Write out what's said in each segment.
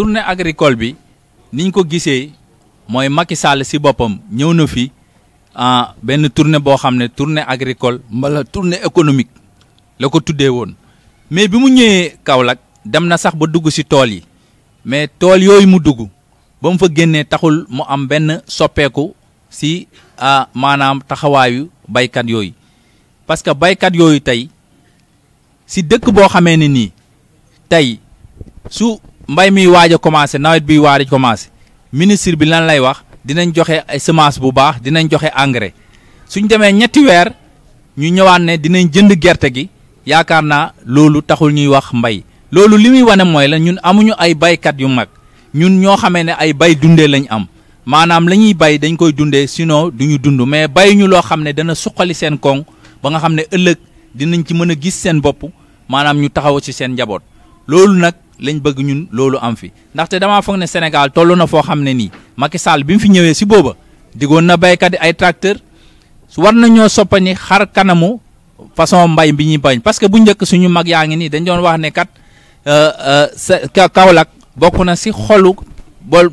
tournée agricole bi niñ ko gisee mooy Macky Sall si boppam ñëw na fi ah, benn tournée boo xam ne tournée agricole mbala tournée économique la ko tuddee woon mais bi mu ñëwee Kaolack dem na sax ba dugg si tool yi mais tool yooyu mu dugg ba mu fa génnee taxul mu am benn soppeeku si ah, maanaam taxawaayu baykat yooyu parce que baykat yooyu tey si dëkk boo xamee ne nii tey su mbay mi waaj a commencé nawet bi waaj a commencé ministre bi lan lay wax dinañ joxe ay semence bu baax dinañ joxe engrais suñ demee ñetti weer ñu ñëwaat ne dinañ jënd gerte gi yaakaar naa loolu taxul ñuy wax mbay loolu li muy wane mooy la ñun amuñu ay baykat yu mag ñun ñoo xamee ne ay bay dundee lañ am maanaam lañuy bay dañ koy dundee sinon duñu dund mais bayuñu loo xam ne dana suqali seen koŋ ba nga xam ne ëllëg dinañ ci mën a gis seen bopp maanaam ñu taxaw ci seen njaboot lañ bëgg ñun loolu am fi ndaxte damaa foog ne Sénégal toll na foo xam ne nii Macky Sall bi mu fi ñëwee si booba digoon na béykat yi ay tracteur war nañoo soppani xar kanamu façon mbay bi ñuy bañ parce que bu njëkk suñu mag yaa ngi nii dañ doon wax ne kat euh, euh, sa Kaolack bokk na si xolu bool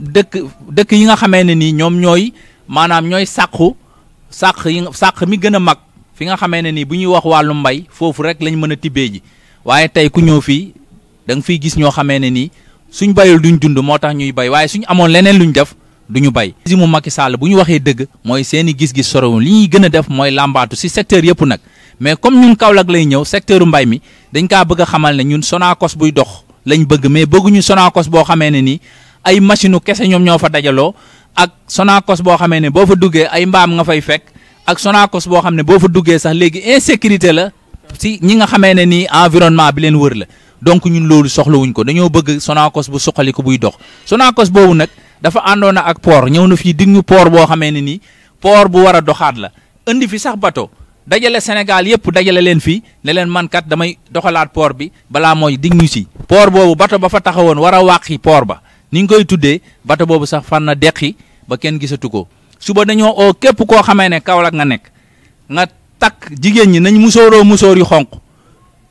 dëkk yi nga xamee ne nii ñoom ñooy maanaam ñooy sàqu sàq yi sàq mi gën a mag fi nga xamee ne nii bu ñuy wax wàllu mbay foofu rek lañ mën a tibbee ji waaye tey ku ñëw fii dang nga gis ñoo xamee ne nii suñ bayul duñ dund moo tax ñuy bay waaye suñ amoon leneen luñ def duñu bay mu Macky Sall seeni gis-gis soro, li ñuy gën def si secteur yëpp nag mais comme ñun Kaolack lay ñëw secteur mbay mi dañ ka bëgg a xamal ne ñun Sonacos buy dox lañ bëgg mais bëgguñu Sonacos boo xamee ne ay kese ñoom ñoo fa dajaloo ak Sonacos boo xamee ne boo fa duggee ay mbaam nga fay fekk ak Sonacos boo xam ne fa duggee sax léegi insécurité la si ñi nga xamee ne nii environnement bi leen wër la donc ñun loolu soxlawuñ ko dañoo bëgg sonakos bu suqaliku buy dox sonakos boobu nag dafa àndoon ak port ñëw na fii dig ñu port boo xamee ne nii por bu war a doxaat la indi fi sax bateau dajale Sénégal yépp dajale leen fii ne leen man kat damay doxalaat port bi balaa mooy dig si por boobu bato ba fa taxawoon war a wàqi ba ni ngi koy tuddee bateau boobu sax fan na deqi ba kenn gisatu ko suba dañoo oo képp koo xamee ne Kaolack nga nekk nga tak jigéen ñi nañ musori musóor yu xonq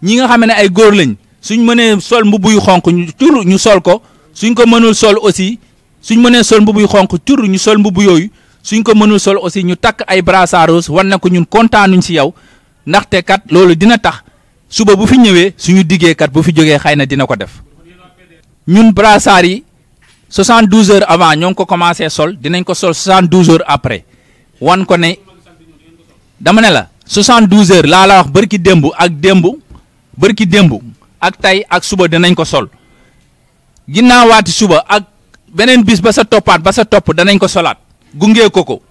ñi nga xamee ne ay góor lañ suñ mënee sol mbubb yu xonq ñu cur ñu sol ko suñ ko mënul sol aussi suñ mënee sol mbubb yu xonq cur ñu sol mbubb yooyu suñ ko mënul sol aussi ñu takk ay brassard rose wan na ko ñun kontaanuñ si yow ndaxte kat loolu dina tax suba bu fi ñëwee suñu diggee kat bu fi jógee xëy na dina ko def ñun brassard yi 72 heures avant ñoo ngi ko commencé sol dinañ ko sol 72 heures après wan ko ne dama ne la 72 heures laa la wax bërki démb ak démb bërki démb ak tey ak suba danañ ko sol ginnaawaati suba ak beneen bis ba sa toppaat ba sa topp danañ ko solaat gungee ko ko